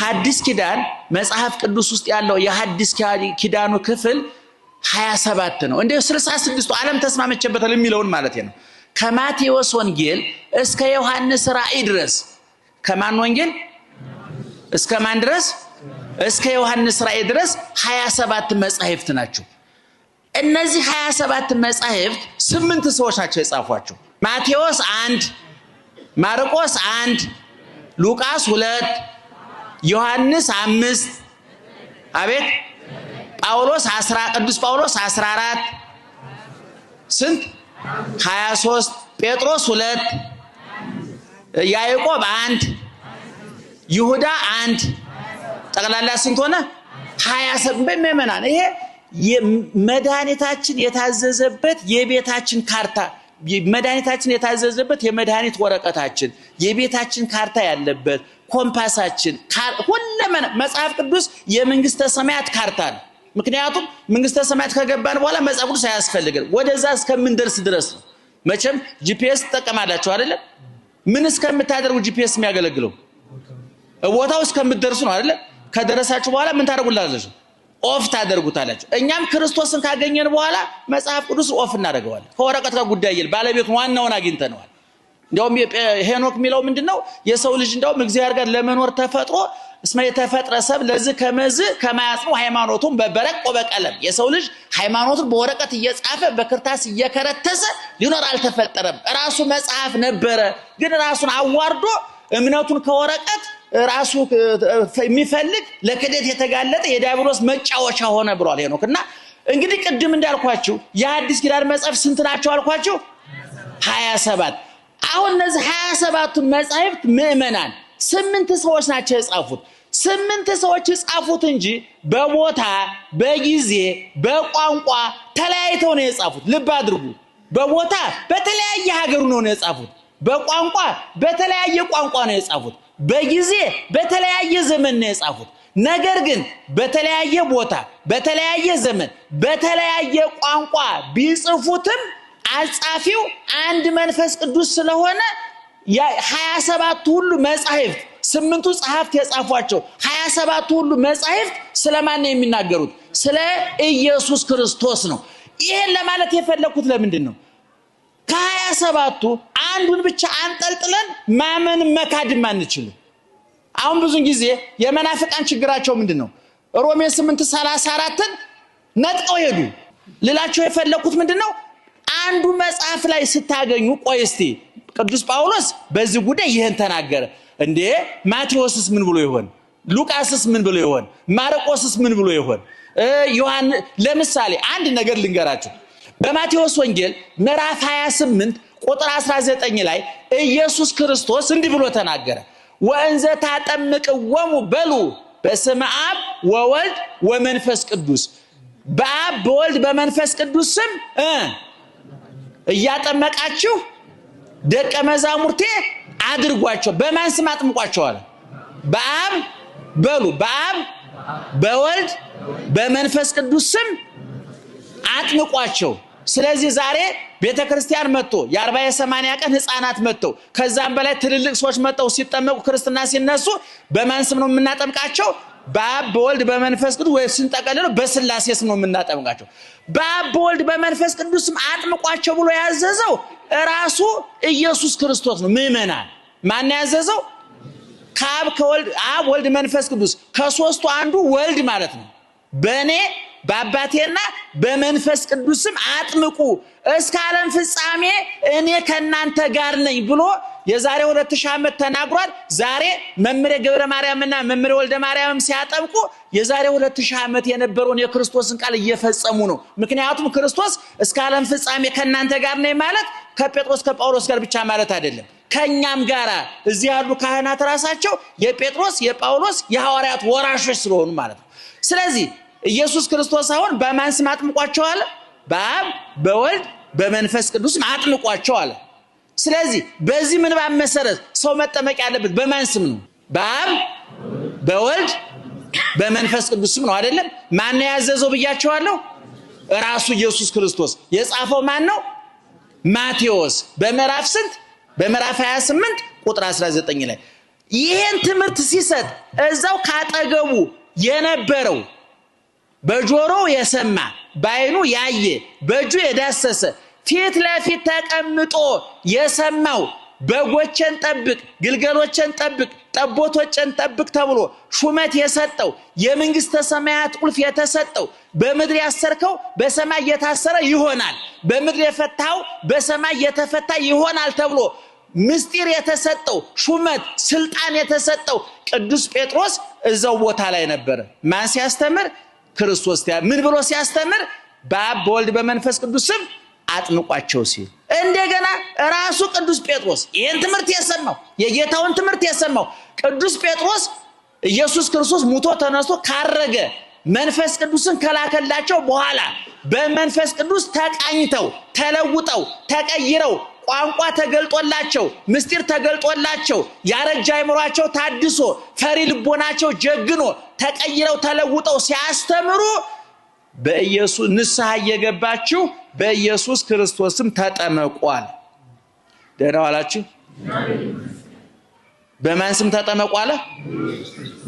ሐዲስ ኪዳን መጽሐፍ ቅዱስ ውስጥ ያለው የሐዲስ ኪዳኑ ክፍል ሰባት ነው። እንደ ስልሳ ስድስቱ ዓለም ተስማመቸበታል የሚለውን ማለት ነው። ከማቴዎስ ወንጌል እስከ ዮሐንስ ራእይ ድረስ ከማን ወንጌል እስከ ማን ድረስ? እስከ ዮሐንስ ራእይ ድረስ ሰባት መጻሕፍት ናቸው። እነዚህ ሰባት መጻሕፍት ስምንት ሰዎች ናቸው የጻፏቸው። ማቴዎስ አንድ፣ ማርቆስ አንድ፣ ሉቃስ ሁለት ዮሐንስ አምስት አቤት ጳውሎስ አስራ ቅዱስ ጳውሎስ 14 ስንት 23 ጴጥሮስ ሁለት ያዕቆብ አንድ ይሁዳ አንድ ጠቅላላ ስንት ሆነ? 27 በሚያመናን ይሄ መድኃኒታችን የታዘዘበት የቤታችን ካርታ መድኃኒታችን የታዘዘበት የመድኃኒት ወረቀታችን የቤታችን ካርታ ያለበት ኮምፓሳችን ሁለመን መጽሐፍ ቅዱስ የመንግስተ ሰማያት ካርታ ነው። ምክንያቱም መንግስተ ሰማያት ከገባን በኋላ መጽሐፍ ቅዱስ አያስፈልግም። ወደዛ እስከምንደርስ ድረስ ነው። መቼም ጂፒኤስ ትጠቀማላችሁ አይደለም? ምን እስከምታደርጉ ጂፒኤስ የሚያገለግለው ቦታው እስከምትደርሱ ነው አይደለም? ከደረሳችሁ በኋላ ምን ታደርጉላላችሁ? ኦፍ ታደርጉታላችሁ። እኛም ክርስቶስን ካገኘን በኋላ መጽሐፍ ቅዱስ ኦፍ እናደርገዋለን። ከወረቀት ጋር ጉዳይ የለም። ባለቤቱን ዋናውን አግኝተነዋል። እንዲያውም ሄኖክ የሚለው ምንድን ነው? የሰው ልጅ እንዲያውም እግዚአብሔር ጋር ለመኖር ተፈጥሮ እስመ የተፈጥረ ሰብ ለዚ ከመዝ ከማያጽኑ ሃይማኖቱን በበረቅ ወበቀለም። የሰው ልጅ ሃይማኖቱን በወረቀት እየጻፈ በክርታስ እየከረተሰ ሊኖር አልተፈጠረም። ራሱ መጽሐፍ ነበረ፣ ግን ራሱን አዋርዶ እምነቱን ከወረቀት ራሱ የሚፈልግ ለክደት የተጋለጠ የዲያብሎስ መጫወቻ ሆነ ብሏል ሄኖክ እና እንግዲህ ቅድም እንዳልኳችሁ የአዲስ ኪዳን መጽሐፍ ስንት ናቸው አልኳችሁ? ሀያ ሰባት አሁን እነዚህ ሀያ ሰባቱን መጻሕፍት ምእመናን ስምንት ሰዎች ናቸው የጻፉት። ስምንት ሰዎች የጻፉት እንጂ በቦታ በጊዜ በቋንቋ ተለያይተው ነው የጻፉት። ልብ አድርጉ። በቦታ በተለያየ ሀገሩ ነው ነው የጻፉት። በቋንቋ በተለያየ ቋንቋ ነው የጻፉት። በጊዜ በተለያየ ዘመን ነው የጻፉት። ነገር ግን በተለያየ ቦታ በተለያየ ዘመን በተለያየ ቋንቋ ቢጽፉትም አጻፊው አንድ መንፈስ ቅዱስ ስለሆነ ሀያ ሰባቱ ሁሉ መጻሕፍት ስምንቱ ጸሐፍት የጻፏቸው ሀያ ሰባቱ ሁሉ መጻሕፍት ስለማን ነው የሚናገሩት? ስለ ኢየሱስ ክርስቶስ ነው። ይህን ለማለት የፈለግኩት ለምንድን ነው? ከሀያ ሰባቱ አንዱን ብቻ አንጠልጥለን ማመን መካድም አንችል። አሁን ብዙን ጊዜ የመናፍቃን ችግራቸው ምንድን ነው? ሮሜ ስምንት ሰላሳ አራትን ነጥቀው ሄዱ። ልላቸው የፈለግኩት ምንድን ነው አንዱ መጽሐፍ ላይ ስታገኙ ቆይ እስቲ ቅዱስ ጳውሎስ በዚህ ጉዳይ ይህን ተናገረ እንዴ ማቴዎስስ ምን ብሎ ይሆን ሉቃስስ ምን ብሎ ይሆን ማርቆስስ ምን ብሎ ይሆን ዮሐን ለምሳሌ አንድ ነገር ልንገራችሁ በማቴዎስ ወንጌል ምዕራፍ 28 ቁጥር 19 ላይ ኢየሱስ ክርስቶስ እንዲህ ብሎ ተናገረ ወእንዘ ታጠምቅወሙ በሉ በስመ አብ ወወልድ ወመንፈስ ቅዱስ በአብ በወልድ በመንፈስ ቅዱስ ስም እያጠመቃችሁ ደቀ መዛሙርቴ አድርጓቸው። በማን ስም አጥምቋቸዋል? በአብ በሉ በአብ በወልድ በመንፈስ ቅዱስ ስም አጥምቋቸው። ስለዚህ ዛሬ ቤተ ክርስቲያን መጥቶ የአርባ የሰማንያ ቀን ህፃናት መጥተው ከዛም በላይ ትልልቅ ሰዎች መጥተው ሲጠመቁ ክርስትና ሲነሱ በማን ስም ነው የምናጠምቃቸው? በአብ በወልድ በመንፈስ ቅዱስ ወይ ስንጠቀልለው በስላሴ ስም ነው የምናጠምቃቸው። በአብ በወልድ በመንፈስ ቅዱስም አጥምቋቸው ብሎ ያዘዘው ራሱ ኢየሱስ ክርስቶስ ነው። ምእመናን ማን ያዘዘው? ከአብ ከወልድ አብ ወልድ መንፈስ ቅዱስ ከሶስቱ አንዱ ወልድ ማለት ነው። በእኔ በአባቴና በመንፈስ ቅዱስም አጥምቁ እስከ ዓለም ፍጻሜ እኔ ከእናንተ ጋር ነኝ ብሎ የዛሬ ሁለት ሺህ ዓመት ተናግሯል። ዛሬ መምሬ ገብረ ማርያምና መምሬ ወልደ ማርያምም ሲያጠምቁ የዛሬ ሁለት ሺህ ዓመት የነበረውን የክርስቶስን ቃል እየፈጸሙ ነው። ምክንያቱም ክርስቶስ እስከ ዓለም ፍጻሜ ከእናንተ ጋር ነኝ ማለት ከጴጥሮስ ከጳውሎስ ጋር ብቻ ማለት አይደለም። ከእኛም ጋር እዚህ ያሉ ካህናት ራሳቸው የጴጥሮስ የጳውሎስ የሐዋርያት ወራሾች ስለሆኑ ማለት ነው። ስለዚህ ኢየሱስ ክርስቶስ አሁን በማን ስም አጥምቋቸው አለ? በአብ በወልድ በመንፈስ ቅዱስም አጥምቋቸው አለ። ስለዚህ በዚህ ምንባብ መሰረት ሰው መጠመቅ ያለበት በማን ስም ነው? በአብ በወልድ በመንፈስ ቅዱስ ስም ነው አይደለም? ማን ነው ያዘዘው ብያቸዋለሁ? ራሱ ኢየሱስ ክርስቶስ የጻፈው ማን ነው? ማቴዎስ በምዕራፍ ስንት? በምዕራፍ 28 ቁጥር 19 ላይ ይህን ትምህርት ሲሰጥ እዛው ካጠገቡ የነበረው በጆሮው የሰማ በአይኑ ያየ በእጁ የዳሰሰ ፊት ለፊት ተቀምጦ የሰማው በጎችን ጠብቅ፣ ግልገሎችን ጠብቅ፣ ጠቦቶችን ጠብቅ ተብሎ ሹመት የሰጠው የመንግስተ ሰማያት ቁልፍ የተሰጠው በምድር ያሰርከው በሰማይ የታሰረ ይሆናል፣ በምድር የፈታው በሰማይ የተፈታ ይሆናል ተብሎ ምስጢር የተሰጠው ሹመት ስልጣን የተሰጠው ቅዱስ ጴጥሮስ እዛው ቦታ ላይ ነበረ። ማን ሲያስተምር ክርስቶስ ምን ብሎ ሲያስተምር በአብ በወልድ በመንፈስ ቅዱስ ስም አጥምቋቸው ሲል እንደገና ራሱ ቅዱስ ጴጥሮስ ይህን ትምህርት የሰማው የጌታውን ትምህርት የሰማው ቅዱስ ጴጥሮስ ኢየሱስ ክርስቶስ ሙቶ ተነስቶ ካረገ መንፈስ ቅዱስን ከላከላቸው በኋላ በመንፈስ ቅዱስ ተቃኝተው ተለውጠው ተቀይረው ቋንቋ ተገልጦላቸው ምስጢር ተገልጦላቸው ያረጃ አይምሯቸው ታድሶ ፈሪ ልቦናቸው ጀግኖ ተቀይረው ተለውጠው ሲያስተምሩ በኢየሱስ ንስሐ እየገባችሁ በኢየሱስ ክርስቶስም ተጠመቋል። ደህና ዋላችሁ። በማን ስም ተጠመቋለ?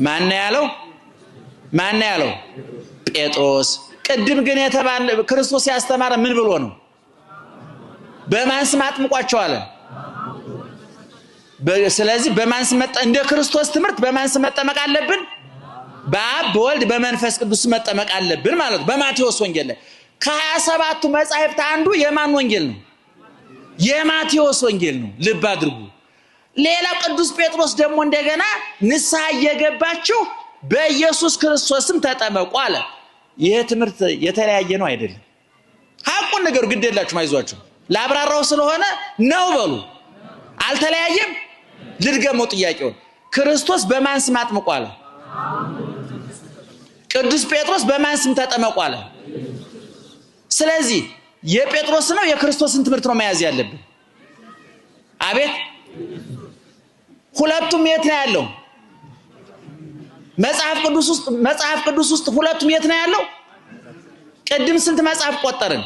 ማን ያለው? ማን ያለው? ጴጥሮስ። ቅድም ግን የተባለ ክርስቶስ ያስተማረ ምን ብሎ ነው? በማን ስም አጥምቋቸው አለ? ስለዚህ በማን ስም እንደ ክርስቶስ ትምህርት በማን ስም መጠመቅ አለብን? በአብ በወልድ በመንፈስ ቅዱስ መጠመቅ አለብን ማለት በማቴዎስ ወንጌል ላይ ከሀያ ሰባቱ መጻሕፍት አንዱ የማን ወንጌል ነው? የማቴዎስ ወንጌል ነው። ልብ አድርጉ። ሌላው ቅዱስ ጴጥሮስ ደግሞ እንደገና ንስሐ እየገባችሁ በኢየሱስ ክርስቶስም ተጠመቁ አለ። ይህ ትምህርት የተለያየ ነው አይደለም። ሀቁን ነገሩ ግድ የላችሁም፣ አይዟችሁ። ላብራራው ስለሆነ ነው በሉ። አልተለያየም። ልድገመው ጥያቄውን። ክርስቶስ በማን ስም አለ? ቅዱስ ጴጥሮስ በማን ስም አለ? ስለዚህ የጴጥሮስ ነው የክርስቶስን ትምህርት ነው መያዝ ያለብን። አቤት ሁለቱም የት ነው ያለው? መጽሐፍ ቅዱስ ውስጥ መጽሐፍ ቅዱስ ውስጥ ሁለቱም የት ነው ያለው? ቅድም ስንት መጽሐፍ ቆጠርን?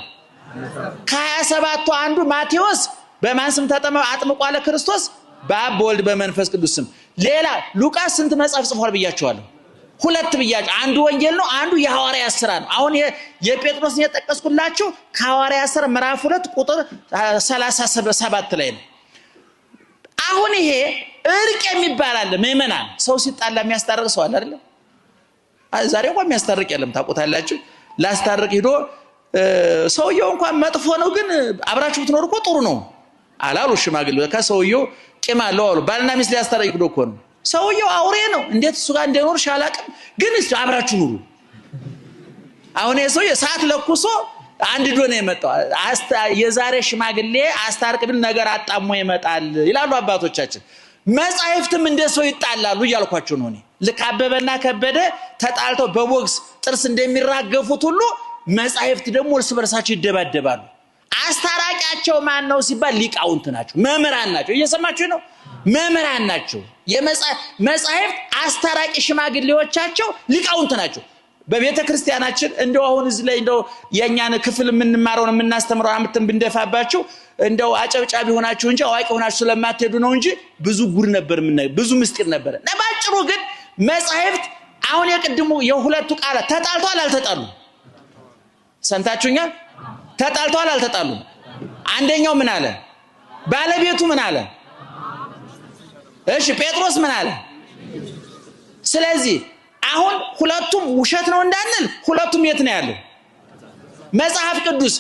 ከሀያ ሰባቱ አንዱ ማቴዎስ በማን ስም ተጠመ አጥምቋ ክርስቶስ በአብ በወልድ በመንፈስ ቅዱስ ስም። ሌላ ሉቃስ ስንት መጽሐፍ ጽፏል ብያቸዋለሁ? ሁለት ብያቸ አንዱ ወንጌል ነው፣ አንዱ የሐዋርያ ስራ ነው። አሁን የጴጥሮስን የጠቀስኩላችሁ ከሐዋርያ ስራ ምዕራፍ ሁለት ቁጥር ሰላሳ ሰባት ላይ ነው። አሁን ይሄ እርቅ የሚባል አለ። ምእመናን ሰው ሲጣላ የሚያስታርቅ ሰው አለ አይደለም? ዛሬ እንኳን የሚያስታርቅ የለም። ታውቁታላችሁ። ላስታርቅ ሂዶ ሰውየው እንኳን መጥፎ ነው፣ ግን አብራችሁ ብትኖር እኮ ጥሩ ነው አላሉ ሽማግሌ። ለካ ሰውየው ቂም አለው አሉ። ባልና ሚስት ብሎ እኮ ነው። ሰውየው አውሬ ነው። እንዴት እሱ ጋር እንደኖር አላውቅም፣ ግን አብራችሁ ኑሩ። አሁን የሰውዬ የሰዓት ለኩሶ አንድ ዶ ነው የመጣው። የዛሬ ሽማግሌ አስታርቅ ብል ነገር አጣሞ ይመጣል ይላሉ አባቶቻችን። መጻሕፍትም እንደ ሰው ይጣላሉ እያልኳቸው ነው እኔ። ልክ አበበና ከበደ ተጣልተው በቦክስ ጥርስ እንደሚራገፉት ሁሉ መጻሕፍት ደግሞ እርስ በርሳቸው ይደባደባሉ። አስታራቂያቸው ማን ነው ሲባል ሊቃውንት ናቸው፣ መምህራን ናቸው። እየሰማችሁ ነው? መምህራን ናቸው። መጻሕፍት አስታራቂ ሽማግሌዎቻቸው ሊቃውንት ናቸው። በቤተ ክርስቲያናችን እንደው አሁን እዚህ ላይ እንደው የእኛን ክፍል የምንማረውን የምናስተምረው አምትን ብንደፋባቸው እንደው አጨብጫቢ ሆናችሁ እንጂ አዋቂ ሆናችሁ ስለማትሄዱ ነው እንጂ ብዙ ጉድ ነበር፣ ብዙ ምስጢር ነበረ። ባጭሩ ግን መጻሕፍት አሁን የቅድሙ የሁለቱ ቃላት ተጣልቷል አልተጣሉም? ሰምታችሁኛል? ተጣልተዋል አልተጣሉም? አንደኛው ምን አለ? ባለቤቱ ምን አለ? እሺ ጴጥሮስ ምን አለ? ስለዚህ አሁን ሁለቱም ውሸት ነው እንዳንል ሁለቱም የት ነው ያለው? መጽሐፍ ቅዱስ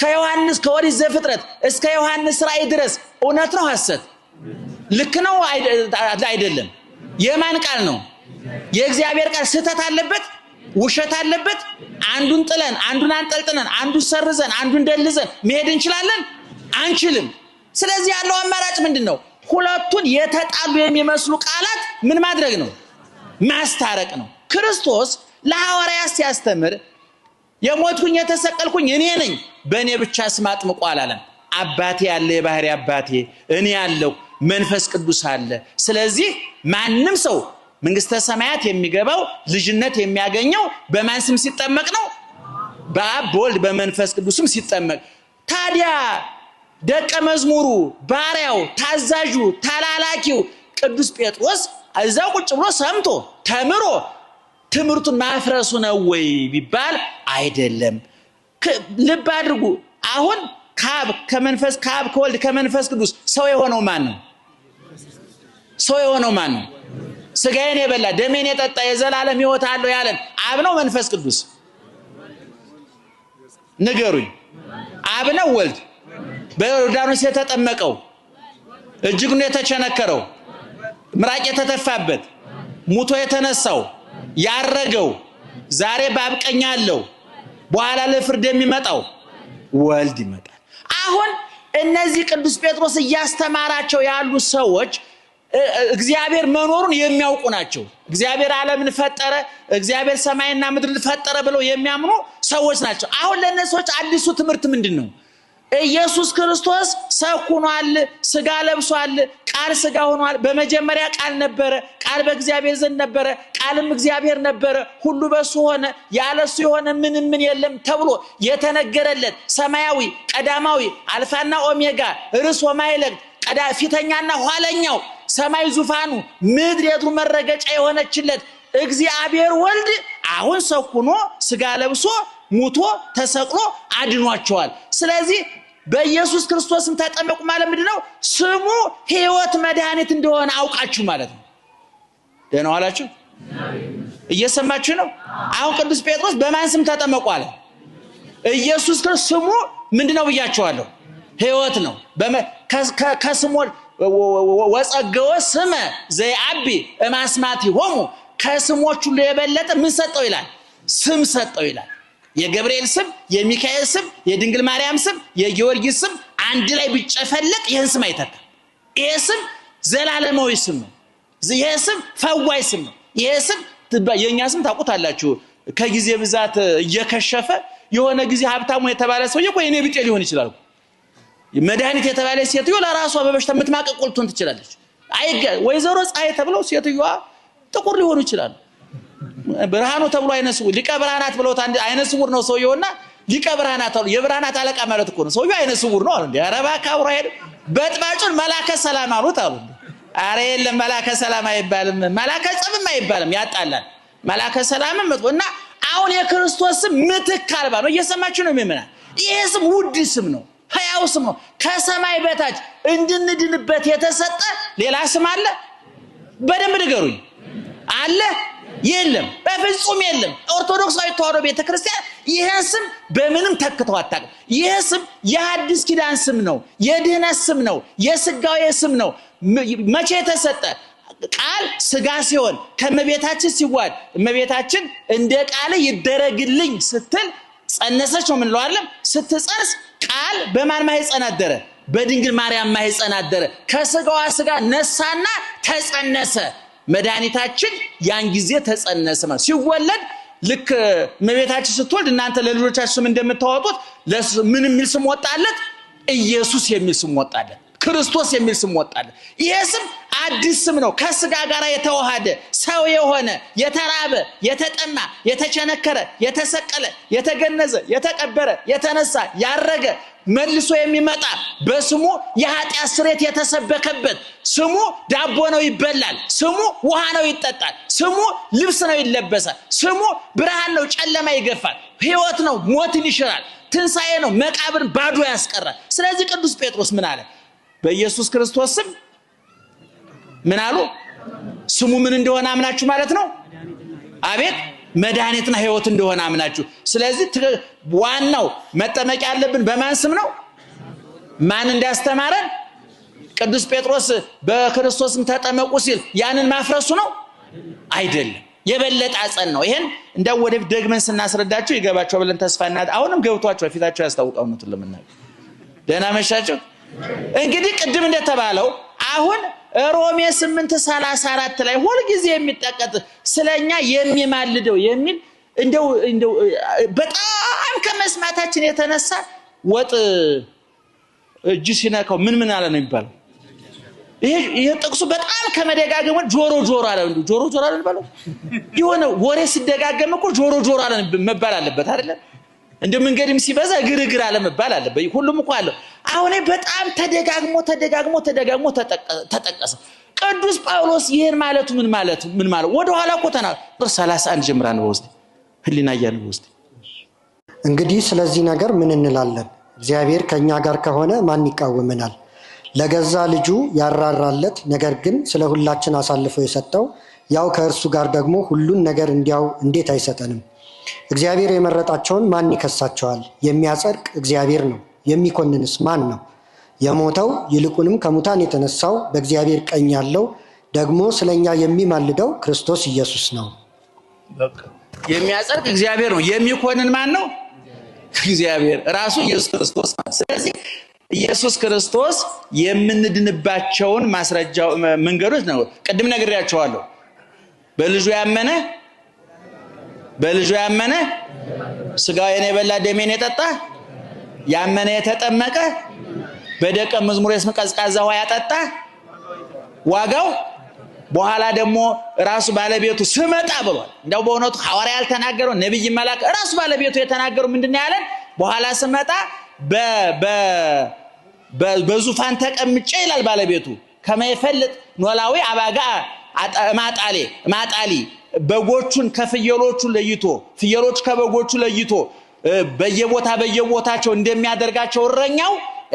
ከዮሐንስ ከኦሪት ዘፍጥረት እስከ ዮሐንስ ራእይ ድረስ እውነት ነው ሐሰት? ልክ ነው አይደለም? የማን ቃል ነው? የእግዚአብሔር ቃል ስህተት አለበት? ውሸት አለበት። አንዱን ጥለን፣ አንዱን አንጠልጥለን፣ አንዱን ሰርዘን፣ አንዱን ደልዘን መሄድ እንችላለን? አንችልም። ስለዚህ ያለው አማራጭ ምንድን ነው? ሁለቱን የተጣሉ የሚመስሉ ቃላት ምን ማድረግ ነው? ማስታረቅ ነው። ክርስቶስ ለሐዋርያ ሲያስተምር የሞትኩኝ የተሰቀልኩኝ እኔ ነኝ፣ በእኔ ብቻ ስም አጥምቁ አላለም። አባቴ ያለ የባህሪ አባቴ፣ እኔ ያለው መንፈስ ቅዱስ አለ። ስለዚህ ማንም ሰው መንግስተ ሰማያት የሚገባው ልጅነት የሚያገኘው በማን ስም ሲጠመቅ ነው? በአብ በወልድ በመንፈስ ቅዱስም ሲጠመቅ። ታዲያ ደቀ መዝሙሩ ባሪያው፣ ታዛዡ፣ ተላላኪው ቅዱስ ጴጥሮስ እዛው ቁጭ ብሎ ሰምቶ ተምሮ ትምህርቱን ማፍረሱ ነው ወይ ቢባል አይደለም። ልብ አድርጉ። አሁን ከአብ ከመንፈስ ከአብ ከወልድ ከመንፈስ ቅዱስ ሰው የሆነው ማን ነው? ሰው የሆነው ማን ነው? ስጋዬን የበላ ደሜን የጠጣ የዘላለም ህይወት አለው ያለን አብ ነው መንፈስ ቅዱስ? ንገሩኝ። አብ ነው ወልድ? በዮርዳኖስ የተጠመቀው ነው የተቸነከረው ምራቅ የተተፋበት ሙቶ የተነሳው ያረገው ዛሬ በአብ ቀኝ አለው በኋላ ለፍርድ የሚመጣው ወልድ ይመጣል። አሁን እነዚህ ቅዱስ ጴጥሮስ እያስተማራቸው ያሉ ሰዎች እግዚአብሔር መኖሩን የሚያውቁ ናቸው። እግዚአብሔር ዓለምን ፈጠረ፣ እግዚአብሔር ሰማይና ምድርን ፈጠረ ብለው የሚያምኑ ሰዎች ናቸው። አሁን ለእነዚህ ሰዎች አዲሱ ትምህርት ምንድን ነው? ኢየሱስ ክርስቶስ ሰው ሆኗል፣ ስጋ ለብሷል፣ ቃል ስጋ ሆኗል። በመጀመሪያ ቃል ነበረ፣ ቃል በእግዚአብሔር ዘንድ ነበረ፣ ቃልም እግዚአብሔር ነበረ፣ ሁሉ በሱ ሆነ፣ ያለሱ የሆነ ምን ምን የለም ተብሎ የተነገረለት ሰማያዊ ቀዳማዊ አልፋና ኦሜጋ ርዕስ ወማይለግ ቀዳ ፊተኛና ኋለኛው ሰማይ ዙፋኑ ምድሪቱ መረገጫ የሆነችለት እግዚአብሔር ወልድ አሁን ሰው ሆኖ ስጋ ለብሶ ሙቶ ተሰቅሎ አድኗቸዋል። ስለዚህ በኢየሱስ ክርስቶስም ተጠመቁ ማለት ምንድን ነው? ስሙ ሕይወት መድኃኒት እንደሆነ አውቃችሁ ማለት ነው። ደህና ዋላችሁ። እየሰማችሁ ነው። አሁን ቅዱስ ጴጥሮስ በማን ስም ተጠመቁ አለ? ኢየሱስ ክርስቶስ ስሙ ምንድን ነው ብያችኋለሁ? ሕይወት ነው። ከስሞ ወጸገወ ስመ ዘይአቢ እማስማት ሆሙ ከስሞች ሁሉ የበለጠ ምን ሰጠው ይላል? ስም ሰጠው ይላል። የገብርኤል ስም፣ የሚካኤል ስም፣ የድንግል ማርያም ስም፣ የጊዮርጊስ ስም አንድ ላይ ቢጨፈለቅ ይህን ስም አይተካም። ይሄ ስም ዘላለማዊ ስም ነው። ይሄ ስም ፈዋይ ስም ነው። ይሄ ስም የእኛ ስም ታውቁታላችሁ። ከጊዜ ብዛት እየከሸፈ የሆነ ጊዜ ሀብታሙ የተባለ ሰውዬ እኮ የኔ ቢጤ ሊሆን ይችላል መድኃኒት የተባለ ሴትዮ ለራሷ በበሽታ የምትማቀቅ ቁልቱን ትችላለች። ወይዘሮ ፀሐይ ተብለው ሴትዮዋ ጥቁር ሊሆኑ ይችላሉ። ብርሃኑ ተብሎ አይነ ስውር ሊቀ ብርሃናት ብለውት አይነ ስውር ነው ሰውየውና ሊቀ ብርሃናት ተብሎ የብርሃናት አለቃ ማለት እኮ ነው። ሰውየው አይነ ስውር ነው አሉ። ኧረ እባክህ አብሮ ሄድ በጥባጩን መላከ ሰላም አሉት አሉ። አረ የለም መላከ ሰላም አይባልም፣ መላከ ጸብም አይባልም፣ ያጣላል። መላከ ሰላምም መጥፎ እና አሁን የክርስቶስ ስም ምትክ አልባ ነው። እየሰማችሁ ነው የሚመናል። ይሄ ስም ውድ ስም ነው። ሕያው ስሙ ከሰማይ በታች እንድንድንበት የተሰጠ ሌላ ስም አለ? በደንብ ንገሩኝ። አለ? የለም፣ በፍጹም የለም። ኦርቶዶክሳዊ ተዋህዶ ቤተክርስቲያን ይህን ስም በምንም ተክተው አታውቅም። ይህ ስም የአዲስ ኪዳን ስም ነው፣ የድህነት ስም ነው፣ የስጋዊ ስም ነው። መቼ የተሰጠ ቃል ስጋ ሲሆን ከእመቤታችን ሲዋድ እመቤታችን እንደ ቃል ይደረግልኝ ስትል ጸነሰች ነው የምንለው አይደለም። ስትጸንስ በማን ማህፀን አደረ? በድንግል ማርያም ማህፀን አደረ። ከስጋዋ ስጋ ነሳና ተጸነሰ። መድኃኒታችን ያን ጊዜ ተጸነሰ ማለት ሲወለድ ልክ መቤታችን ስትወልድ እናንተ ለልጆቻችሁ ስም እንደምታወጡት ምን የሚል ስም ወጣለት? ኢየሱስ የሚል ስም ወጣለት። ክርስቶስ የሚል ስም ወጣለት። ይሄ ስም አዲስ ስም ነው። ከስጋ ጋር የተዋሃደ ሰው የሆነ የተራበ፣ የተጠማ፣ የተቸነከረ፣ የተሰቀለ፣ የተገነዘ፣ የተቀበረ፣ የተነሳ፣ ያረገ መልሶ የሚመጣ በስሙ የኃጢአት ስሬት የተሰበከበት ስሙ ዳቦ ነው ይበላል፣ ስሙ ውሃ ነው ይጠጣል፣ ስሙ ልብስ ነው ይለበሳል፣ ስሙ ብርሃን ነው ጨለማ ይገፋል፣ ህይወት ነው ሞትን ይሽራል፣ ትንሣኤ ነው መቃብርን ባዶ ያስቀራል። ስለዚህ ቅዱስ ጴጥሮስ ምን አለ? በኢየሱስ ክርስቶስ ስም ምን አሉ? ስሙ ምን እንደሆነ አምናችሁ ማለት ነው። አቤት መድኃኒትና ህይወት እንደሆነ አምናችሁ ስለዚህ ዋናው መጠመቅ ያለብን በማን ስም ነው ማን እንዳስተማረን ቅዱስ ጴጥሮስ በክርስቶስም ተጠመቁ ሲል ያንን ማፍረሱ ነው አይደለም የበለጠ አጸን ነው ይሄን እንደ ወደፊት ደግመን ስናስረዳቸው ይገባቸው ብለን ተስፋ እና አሁንም ገብቷቸው ፊታቸው ያስታውቃው እውነቱን ደህና መሻቸው እንግዲህ ቅድም እንደተባለው አሁን ሮሜ ስምንት ሰላሳ አራት ላይ ሁልጊዜ የሚጠቀጥ ስለኛ የሚማልደው የሚል እንደው እንደው በጣም ከመስማታችን የተነሳ ወጥ እጅ ሲነካው ምን ምን አለ ነው የሚባለው። ይሄ ይሄ ጥቅሱ በጣም ከመደጋገመ ጆሮ ጆሮ አለ እንዴ? ጆሮ ጆሮ አለ የሚባለው የሆነ ወሬ ሲደጋገም እኮ ጆሮ ጆሮ አለ መባል አለበት አይደለ? እንደ መንገድም ሲበዛ ግርግር አለ መባል አለበት። ሁሉም እኮ አለው። አሁን በጣም ተደጋግሞ ተደጋግሞ ተደጋግሞ ተጠቀሰ። ቅዱስ ጳውሎስ ይህን ማለቱ ምን ማለት ምን ማለት ወደኋላ እኮ ተና ብር 31 ጀምራ ነው ወስደ ህሊና እያለ ወስደ እንግዲህ ስለዚህ ነገር ምን እንላለን? እግዚአብሔር ከእኛ ጋር ከሆነ ማን ይቃወመናል? ለገዛ ልጁ ያራራለት፣ ነገር ግን ስለ ሁላችን አሳልፎ የሰጠው ያው ከእርሱ ጋር ደግሞ ሁሉን ነገር እንዲያው እንዴት አይሰጠንም? እግዚአብሔር የመረጣቸውን ማን ይከሳቸዋል? የሚያጸድቅ እግዚአብሔር ነው። የሚኮንንስ ማን ነው? የሞተው ይልቁንም ከሙታን የተነሳው በእግዚአብሔር ቀኝ ያለው ደግሞ ስለኛ የሚማልደው ክርስቶስ ኢየሱስ ነው። የሚያጸድቅ እግዚአብሔር ነው። የሚኮንን ማን ነው? እግዚአብሔር ራሱ ኢየሱስ ክርስቶስ ነው። ስለዚህ ኢየሱስ ክርስቶስ የምንድንባቸውን ማስረጃ መንገዶች ነው። ቅድም ነግሬያቸዋለሁ። በልጁ ያመነ በልጁ ያመነ ስጋዬን የበላ ደሜን የጠጣ ያመነ የተጠመቀ በደቀ መዝሙር የስም ቀዝቃዛ ውሃ ያጠጣ ዋጋው በኋላ ደግሞ ራሱ ባለቤቱ ስመጣ ብሏል። እንደው በእውነቱ ሐዋርያ ያልተናገረው ነቢይ መላክ ራሱ ባለቤቱ የተናገረው ምንድን ያለን? በኋላ ስመጣ በዙፋን ተቀምጬ ይላል ባለቤቱ ከመይፈልጥ ኖላዊ አባጋ ማጣሌ ማጣሊ በጎቹን ከፍየሎቹ ለይቶ ፍየሎች ከበጎቹ ለይቶ በየቦታ በየቦታቸው እንደሚያደርጋቸው እረኛው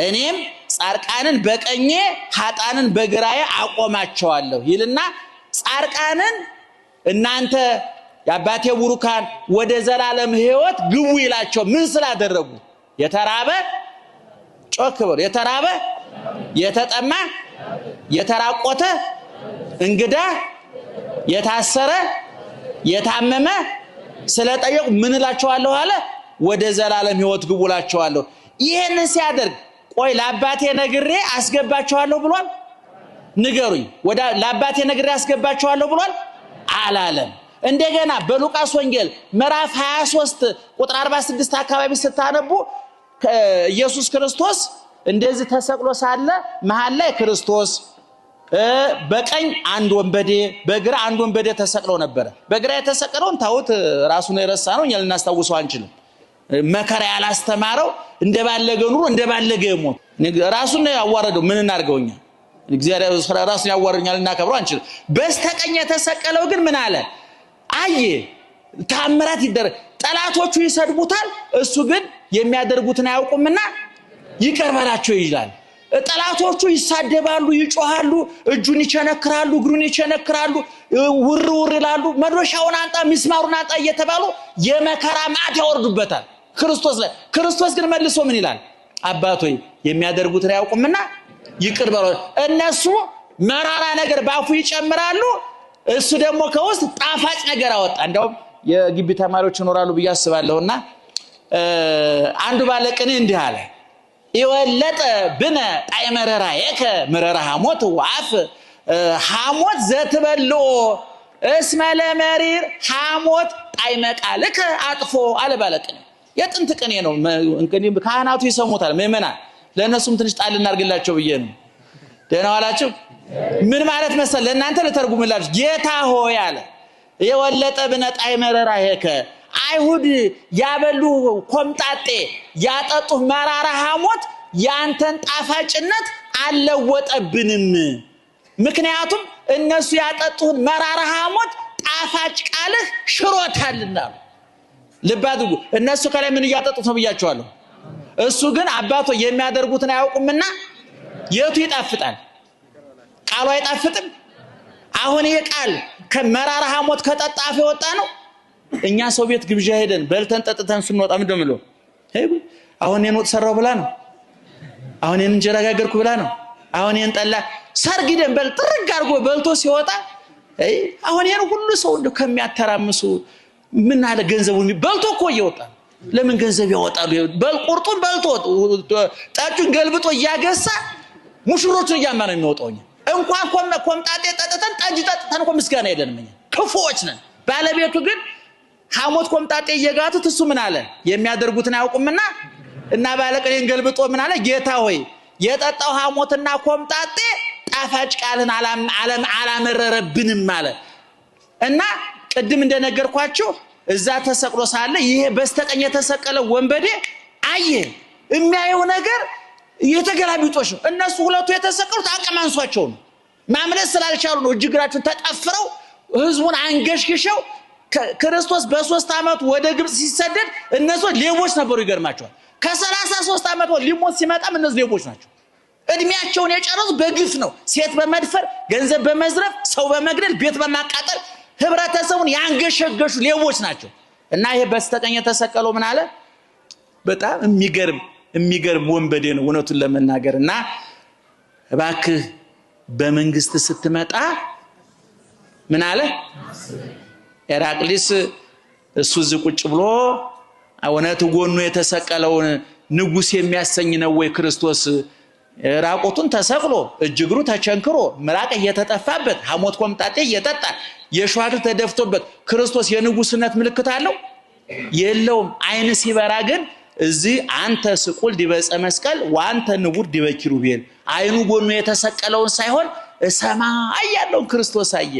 እኔም ጻርቃንን በቀኜ ሀጣንን በግራዬ አቆማቸዋለሁ ይልና ጻርቃንን እናንተ የአባቴ ቡሩካን ወደ ዘላለም ሕይወት ግቡ ይላቸው። ምን ስላደረጉ? የተራበ ጮክ በሉ። የተራበ የተጠማ፣ የተራቆተ፣ እንግዳ፣ የታሰረ፣ የታመመ ስለጠየቁ ምን እላቸዋለሁ አለ ወደ ዘላለም ህይወት ግቡ እላቸዋለሁ። ይህንን ሲያደርግ ቆይ ለአባቴ ነግሬ አስገባቸዋለሁ ብሏል? ንገሩኝ። ለአባቴ ነግሬ አስገባቸዋለሁ ብሏል አላለም። እንደገና በሉቃስ ወንጌል ምዕራፍ 23 ቁጥር 46 አካባቢ ስታነቡ ኢየሱስ ክርስቶስ እንደዚህ ተሰቅሎ ሳለ መሀል ላይ ክርስቶስ በቀኝ አንድ ወንበዴ በግራ አንድ ወንበዴ ተሰቅሎ ነበረ። በግራ የተሰቀለውን ታውት ራሱን የረሳ ነው፣ እኛ ልናስታውሰው አንችልም። መከራ ያላስተማረው እንደባለገ ኑሮ እንደባለገ ሞት ራሱን ያዋረደው ምን እናርገውኛ? እግዚአብሔር ራሱን ያዋርኛል እናከብረው አንችልም። በስተቀኝ የተሰቀለው ግን ምን አለ? አየ ታምራት ይደረግ። ጠላቶቹ ይሰድቡታል፣ እሱ ግን የሚያደርጉትን አያውቁምና ይቀርበላቸው ይላል። ጠላቶቹ ይሳደባሉ፣ ይጮሃሉ፣ እጁን ይቸነክራሉ፣ እግሩን ይቸነክራሉ፣ ውር ውር ይላሉ። መዶሻውን አንጣ፣ ሚስማሩን አንጣ እየተባሉ የመከራ ማዕት ያወርዱበታል። ክርስቶስ ላይ ክርስቶስ ግን መልሶ ምን ይላል? አባት ሆይ የሚያደርጉትን አያውቁምና ይቅር በለው። እነሱ መራራ ነገር ባፉ ይጨምራሉ፣ እሱ ደግሞ ከውስጥ ጣፋጭ ነገር አወጣ። እንዳውም የግቢ ተማሪዎች ይኖራሉ ብዬ አስባለሁና አንዱ ባለቅኔ እንዲህ አለ ይወለጠ ብነ ጣይመረራ የከ ምረራ ሐሞት ዋፍ ሐሞት ዘትበልኦ እስመ ለመሪር ሐሞት ጣዕመ ቃልከ አጥፎ አለ ባለቅኔ የጥንት ቅኔ ነው። እንግዲህ ካህናቱ ይሰሙታል። ምእመናን ለእነሱም ትንሽ ጣል እናርግላቸው ብዬ ነው። ደህና ዋላችሁ። ምን ማለት መሰል ለእናንተ ልተርጉምላችሁ። ጌታ ሆይ አለ የወለጠ ብነጣይ መረራ ሄከ አይሁድ ያበሉ ኮምጣጤ ያጠጡ መራራ ሐሞት ያንተን ጣፋጭነት አልለወጠብንም። ምክንያቱም እነሱ ያጠጡህን መራራ ሐሞት ጣፋጭ ቃልህ ሽሮታልና ልብ አድርጉ። እነሱ ከላይ ምን እያጠጡት ነው ብያቸዋለሁ። እሱ ግን አባቶ የሚያደርጉትን አያውቁምና የቱ ይጣፍጣል? ቃሉ አይጣፍጥም? አሁን ይህ ቃል ከመራራ ሐሞት ከጠጣፍ የወጣ ነው። እኛ ሰው ቤት ግብዣ ሄደን በልተን ጠጥተን ስንወጣ ምንድን ነው አሁን እኔን ወጥ ሰራው ብላ ነው። አሁን እኔን እንጀራ ጋገርኩ ብላ ነው። አሁን እኔን ጠላ ሰርግ ደንበል ጥርግ አድርጎ በልቶ ሲወጣ አሁን ይህን ሁሉ ሰው እንደው ከሚያተራምሱ ምን አለ ገንዘቡ በልቶ እኮ እየወጣ ለምን ገንዘብ ያወጣሉ? ቁርጡን በልቶ ጠጁን ገልብጦ እያገሳ ሙሽሮቹን እያማ ነው የሚወጣው። እንኳን ኮምጣጤ ጠጥተን ጠጅ ጠጥተን እኮ ምስጋና የለንም ክፉዎች ነን። ባለቤቱ ግን ሐሞት ኮምጣጤ እየጋቱት እሱ ምን አለ የሚያደርጉትን አያውቁምና እና ባለቅኔን ገልብጦ ምን አለ ጌታ ሆይ የጠጣው ሐሞትና ኮምጣጤ ጣፋጭ ቃልን አላመረረብንም አለ እና ቅድም እንደነገርኳቸው እዛ ተሰቅሎ ሳለ ይሄ በስተቀኝ የተሰቀለ ወንበዴ አየ። የሚያየው ነገር የተገላቢጦች ነው። እነሱ ሁለቱ የተሰቀሉት አቅም አንሷቸው ነው። ማምለስ ስላልቻሉ ነው። እጅ እግራቸውን ተጠፍረው ህዝቡን አንገሽግሸው ክርስቶስ በሶስት ዓመቱ ወደ ግብፅ ሲሰደድ እነሱ ሌቦች ነበሩ። ይገርማቸዋል። ከሰላሳ ሶስት ዓመት ሊሞት ሲመጣም እነሱ ሌቦች ናቸው። እድሜያቸውን የጨረሱ በግፍ ነው። ሴት በመድፈር ገንዘብ በመዝረፍ ሰው በመግደል ቤት በማቃጠል ህብረተሰቡን ያንገሸገሹ ሌቦች ናቸው እና ይሄ በስተቀኝ የተሰቀለው ምን አለ በጣም የሚገርም የሚገርም ወንበዴ ነው እውነቱን ለመናገር እና እባክህ በመንግስት ስትመጣ ምን አለ ኤራቅሊስ እሱ እዚህ ቁጭ ብሎ እውነት ጎኑ የተሰቀለውን ንጉስ የሚያሰኝ ነው ወይ ክርስቶስ ራቁቱን ተሰቅሎ እጅግሩ ተቸንክሮ ምራቅ እየተጠፋበት ሐሞት ኮምጣጤ እየጠጣ የሸዋድ ተደፍቶበት ክርስቶስ የንጉስነት ምልክት አለው የለውም። አይን ሲበራ ግን እዚህ አንተ ስቁል ዲበፀ መስቀል ወአንተ ንቡር ዲበ ኪሩቤል አይኑ ጎኑ የተሰቀለውን ሳይሆን ሰማይ ያለውን ክርስቶስ አየ።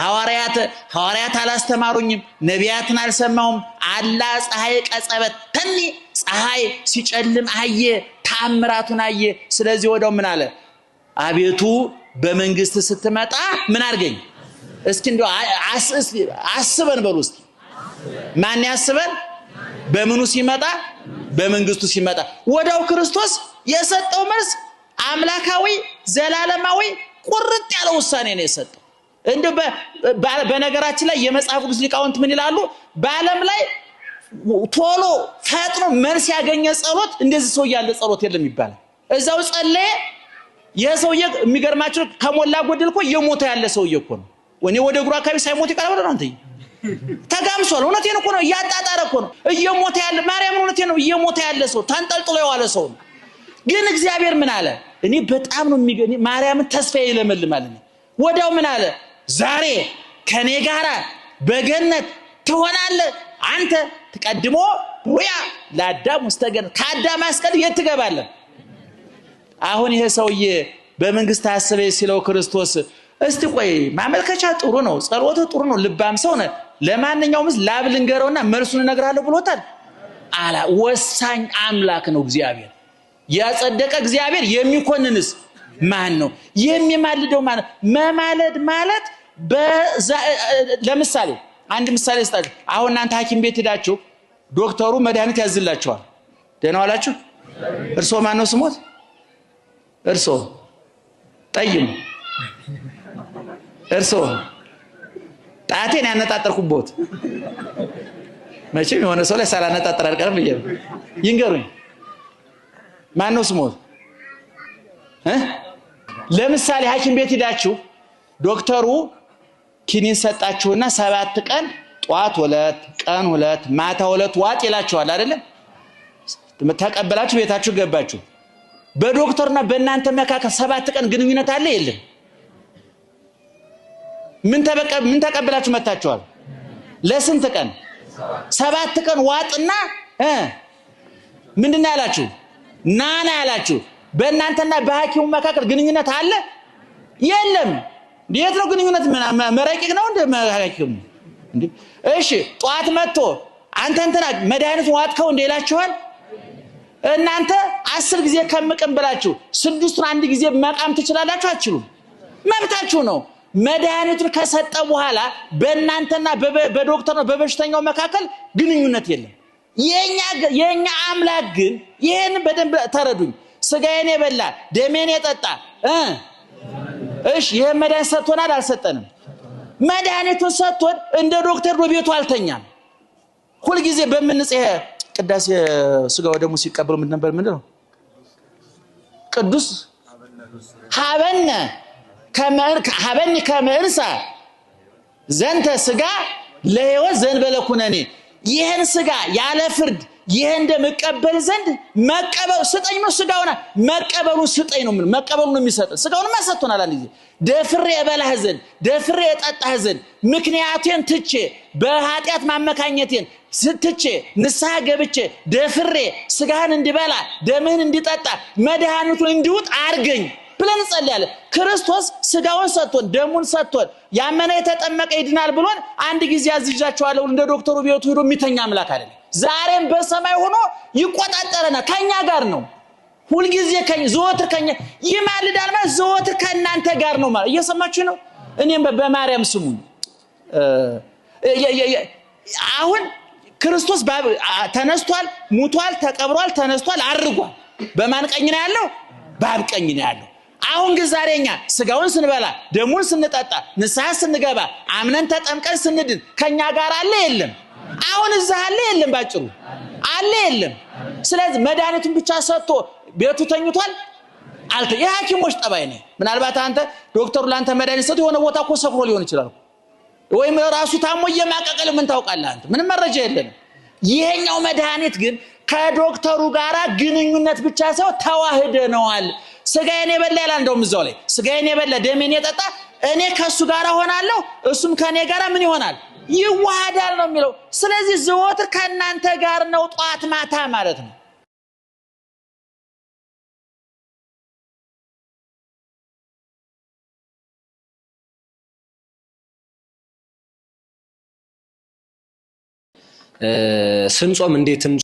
ሐዋርያት ሐዋርያት አላስተማሩኝም፣ ነቢያትን አልሰማውም አላ ፀሐይ ቀጸበት ተኒ ፀሐይ ሲጨልም አየ፣ ታምራቱን አየ። ስለዚህ ወደው ምን አለ? አቤቱ በመንግስት ስትመጣ ምን አድርገኝ እስኪ እንዲ አስበን በል ውስጥ ማን ያስበን? በምኑ ሲመጣ? በመንግስቱ ሲመጣ። ወዲያው ክርስቶስ የሰጠው መልስ አምላካዊ ዘላለማዊ ቁርጥ ያለ ውሳኔ ነው የሰጠው። እንደ በነገራችን ላይ የመጽሐፍ ቅዱስ ሊቃውንት ምን ይላሉ? በዓለም ላይ ቶሎ ፈጥኖ መልስ ያገኘ ጸሎት እንደዚህ ሰው ያለ ጸሎት የለም ይባላል። እዛው ጸለየ። ይህ ሰውዬ የሚገርማቸው ከሞላ ጎደል እኮ የሞተ ያለ ሰውዬ እኮ ነው። ወኔ ወደ እግሩ አካባቢ ሳይሞት ይቀር ብለህ ነው አንተ ተጋምሷል። እውነቴን እኮ ነው፣ እያጣጣረ እኮ ነው እየሞተ ያለ ማርያም፣ እውነቴን ነው እየሞተ ያለ ሰው ተንጠልጥሎ የዋለ ሰው ነው። ግን እግዚአብሔር ምን አለ? እኔ በጣም ነው የሚገኝ ማርያምን ተስፋ ይለመልማል። ወዲያው ምን አለ? ዛሬ ከእኔ ጋራ በገነት ትሆናለ። አንተ ትቀድሞ ውያ ለአዳም ውስተ ገነት ከአዳም አስቀድም የት ትገባለህ? አሁን ይሄ ሰውዬ በመንግስት አስበ ሲለው ክርስቶስ እስቲ ቆይ ማመልከቻ ጥሩ ነው፣ ጸሎት ጥሩ ነው፣ ልባም ሰው ነህ። ለማንኛውም ላብ ልንገረውና መልሱን እነግርሃለሁ ብሎታል። አላ ወሳኝ አምላክ ነው እግዚአብሔር። ያጸደቀ እግዚአብሔር የሚኮንንስ ማን ነው? የሚማልደው ማን ነው? መማለድ ማለት ለምሳሌ አንድ ምሳሌ ስጣችሁ። አሁን እናንተ ሐኪም ቤት ሄዳችሁ ዶክተሩ መድኃኒት ያዝላችኋል። ደህና ዋላችሁ። እርሶ ማን ነው ስሞት? እርሶ ጠይሙ እርስ ጣቴን ያነጣጠርኩቦት መቼም የሆነ ሰው ላይ ሳላነጣጠር አልቀርም ብዬ ነው። ይንገሩኝ፣ ማን ነው ስሞት? ለምሳሌ ሐኪም ቤት ሂዳችሁ ዶክተሩ ኪኒን ሰጣችሁና ሰባት ቀን ጠዋት ሁለት ቀን ሁለት ማታ ሁለት ዋጥ ይላችኋል አይደለም? ተቀበላችሁ ቤታችሁ ገባችሁ። በዶክተርና በእናንተ መካከል ሰባት ቀን ግንኙነት አለ የለም? ምን ምን ተቀብላችሁ መታችኋል? ለስንት ቀን? ሰባት ቀን ዋጥና እ ምንድን ነው ያላችሁ? ናና ያላችሁ። በእናንተና በሐኪሙ መካከል ግንኙነት አለ የለም? የት ነው ግንኙነት? መረቂቅ ነው እንደ ሐኪሙ። እሺ ጠዋት መጥቶ አንተ እንትና መድኃኒቱን ዋጥከው እንደ ይላችኋል። እናንተ አስር ጊዜ ከምቅም ብላችሁ ስድስቱን አንድ ጊዜ መቃም ትችላላችሁ? አትችሉም። መብታችሁ ነው። መድኃኒቱን ከሰጠ በኋላ በእናንተና በዶክተር ነው በበሽተኛው መካከል ግንኙነት የለም። የእኛ አምላክ ግን ይህን በደንብ ተረዱኝ። ስጋዬን የበላ ደሜን የጠጣ እሺ፣ ይህን መድኃኒት ሰጥቶናል አልሰጠንም? መድኃኒቱን ሰጥቶን እንደ ዶክተር በቤቱ አልተኛም። ሁልጊዜ በምንጽ ቅዳሴ ስጋ ወደሙ ሲቀበሉ ምን ነበር? ነው ቅዱስ ሀበነ ሀበኒ ከምህርሳ ዘንተ ስጋ ለህይወት ዘንበለ ኩነኔ ይህን ስጋ ያለ ፍርድ ይህ እንደምቀበል ዘንድ መቀበሉ ስጠኝ ነው ስጋውና መቀበሉ ስጠኝ ነው መቀበሉ ነው የሚሰጥ ስጋውን ሰጥቶናል አንድ ጊዜ ደፍሬ የበላህ ዘንድ ደፍሬ የጠጣህ ዘንድ ምክንያቴን ትቼ በኃጢአት ማመካኘቴን ስትቼ ንስሐ ገብቼ ደፍሬ ስጋህን እንዲበላ ደምህን እንዲጠጣ መድኃኒቱን እንዲውጥ አርገኝ ብለን እንጸልያለን። ክርስቶስ ስጋውን ሰጥቶን ደሙን ሰጥቶን ያመነ የተጠመቀ ይድናል ብሎን አንድ ጊዜ አዝዣቸዋለሁ እንደ ዶክተሩ ቤቱ ሄዶ የሚተኛ አምላክ አይደለም። ዛሬም በሰማይ ሆኖ ይቆጣጠረናል። ከኛ ጋር ነው ሁልጊዜ ዘወትር ከኛ ይማልዳል። ማለት ዘወትር ከእናንተ ጋር ነው ማለት እየሰማችሁ ነው። እኔም በማርያም ስሙ አሁን ክርስቶስ ተነስቷል፣ ሙቷል፣ ተቀብሯል፣ ተነስቷል፣ አድርጓል። በማን ቀኝ ነው ያለው? በአብ ቀኝ ነው ያለው። አሁን ግን ዛሬ እኛ ስጋውን ስንበላ ደሙን ስንጠጣ ንስሐ ስንገባ አምነን ተጠምቀን ስንድን ከእኛ ጋር አለ የለም አሁን እዛ አለ የለም ባጭሩ አለ የለም ስለዚህ መድኃኒቱን ብቻ ሰጥቶ ቤቱ ተኝቷል አልተ የሐኪሞች ጠባይ ነው ምናልባት አንተ ዶክተሩ ለአንተ መድኃኒት ሰጥቶ የሆነ ቦታ እኮ ሰክሮ ሊሆን ይችላል ወይም ራሱ ታሞ እየማቀቀል ምን ታውቃለህ አንተ ምንም መረጃ የለም ይሄኛው መድኃኒት ግን ከዶክተሩ ጋራ ግንኙነት ብቻ ሰው ተዋህደነዋል ስጋዬን የበላ ይላል። እንደውም እዛው ላይ ስጋዬን የበላ ደሜን የጠጣ እኔ ከእሱ ጋር ሆናለሁ፣ እሱም ከእኔ ጋር ምን ይሆናል? ይዋሃዳል ነው የሚለው። ስለዚህ ዘወትር ከእናንተ ጋር ነው፣ ጠዋት ማታ ማለት ነው። ስንጾም እንዴትም